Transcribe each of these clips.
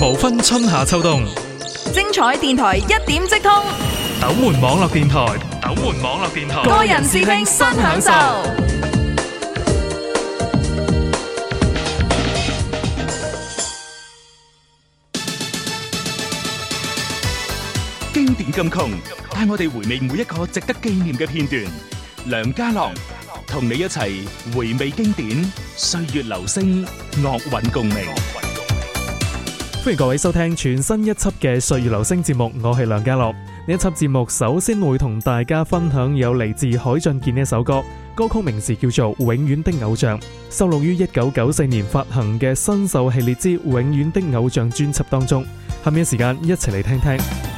無分春夏秋冬，精彩電台一點即通。斗門網絡電台，斗門網絡電台，個人視聽，新享受。經典金曲，帶我哋回味每一個值得紀念嘅片段。梁家朗同你一齊回味經典，歲月留聲，樂韻共鳴。歡迎各位收聽全新一輯嘅《歲月留聲》節目，我係梁家樂。呢一輯節目首先會同大家分享有嚟自海俊傑嘅一首歌，歌曲名字叫做《永遠的偶像》，收錄於一九九四年發行嘅《新秀系列之永遠的偶像》專輯當中。下面時間一齊嚟聽聽。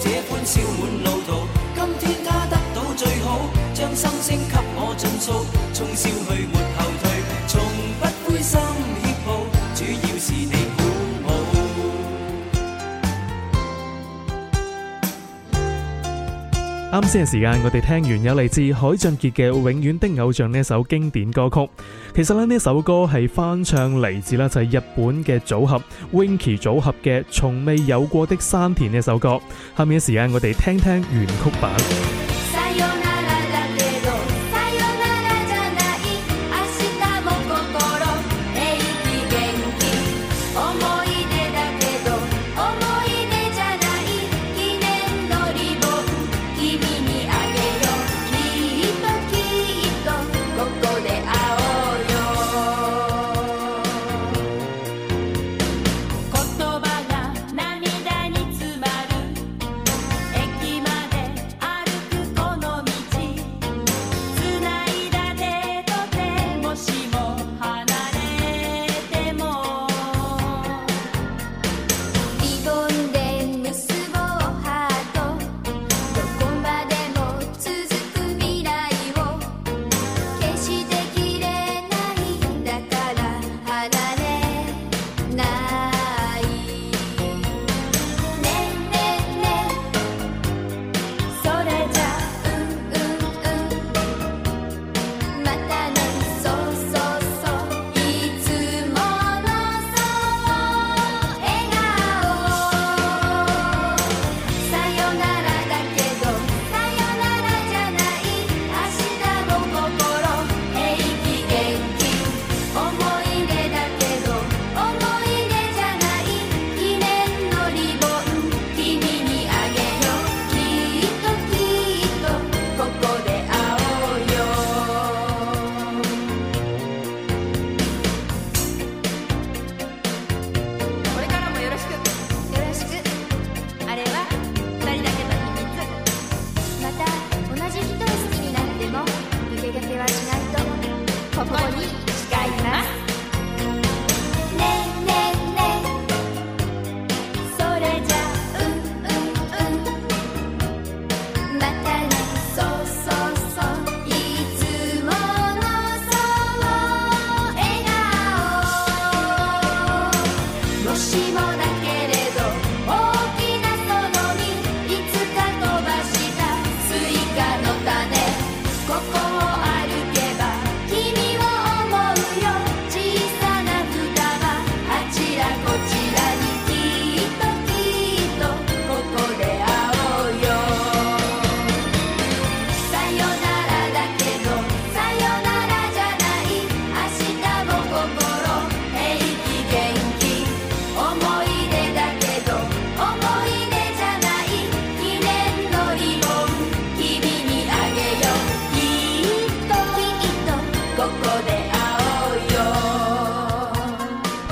這般笑滿路途，今天他得到最好，將心聲給我盡訴。啱先嘅時間，我哋聽完有嚟自海俊傑嘅《永遠的偶像》呢首經典歌曲。其實咧，呢首歌係翻唱嚟自啦，就係日本嘅組合 Winky 組合嘅《從未有過的山田》呢首歌。下面嘅時間，我哋聽聽原曲版。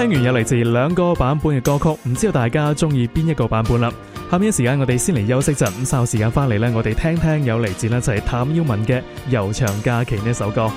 聽完有嚟自兩個版本嘅歌曲，唔知道大家中意邊一個版本啦。下面一時間我哋先嚟休息陣，咁稍後時間翻嚟呢，我哋聽聽有嚟自呢就係譚耀文嘅《悠長假期》呢一首歌。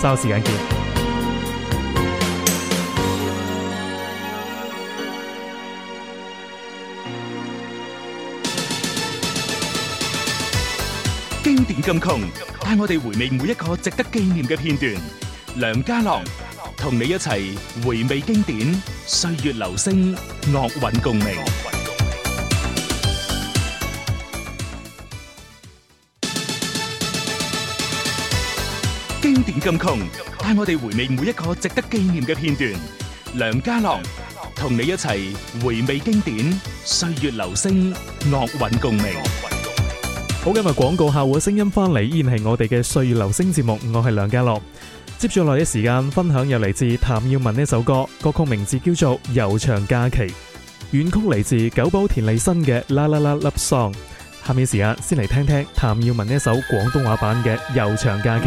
稍後時間見。經典金曲，帶我哋回味每一個值得紀念嘅片段。梁家朗。同你一齊回味經典，歲月留聲，樂韻共鳴。經典金曲，帶我哋回味每一個值得紀念嘅片段。梁家樂，同你一齊回味經典，歲月留聲，樂韻共鳴。好，今日廣告效果聲音翻嚟，依然係我哋嘅歲月留聲節目，我係梁家樂。接住落嚟嘅時間分享又嚟自譚耀文呢首歌，歌曲名字叫做《悠長假期》，原曲嚟自久保田利伸嘅《啦啦啦 Love Song》。下面時間先嚟聽聽譚耀文呢首廣東話版嘅《悠長假期》。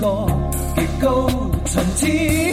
個極高層次。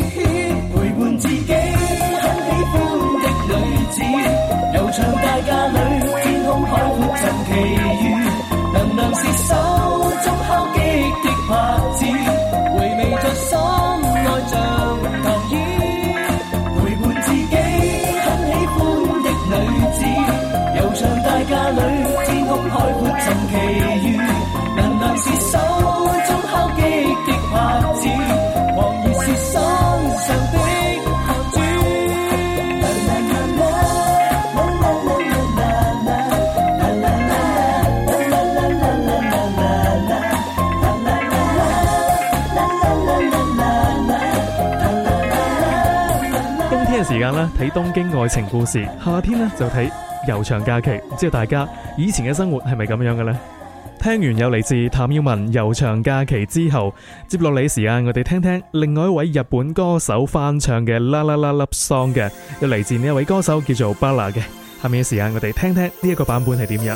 啦睇東京愛情故事，夏天呢就睇悠長假期。唔知大家以前嘅生活係咪咁樣嘅呢？聽完有嚟自譚耀文《悠長假期》之後，接落嚟嘅時間我哋聽聽另外一位日本歌手翻唱嘅《啦啦啦啦 Song》嘅，又嚟自呢一位歌手叫做 Bala 嘅。下面嘅時間我哋聽聽呢一個版本係點樣。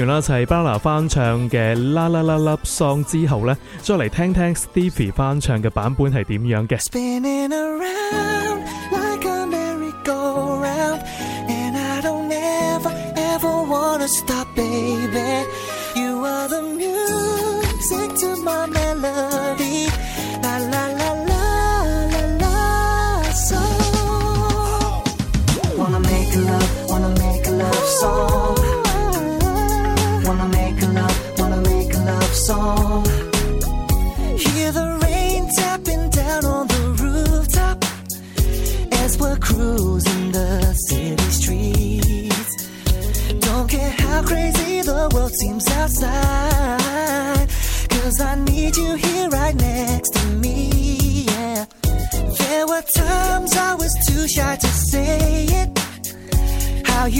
完啦，就係 Bala 翻唱嘅《啦啦啦啦 Song》之後呢，再嚟聽聽 Stevie 翻唱嘅版本係點樣嘅。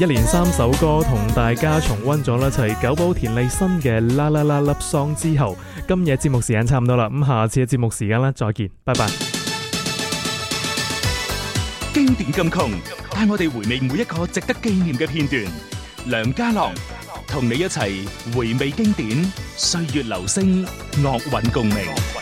一連三首歌同大家重温咗啦，齊九寶田麗新嘅《啦啦啦笠桑》之後，今日節目時間差唔多啦，咁下次嘅節目時間咧，再見，拜拜。經典咁窮，帶我哋回味每一個值得紀念嘅片段。梁家朗同你一齊回味經典，歲月留聲，樂韻共鳴。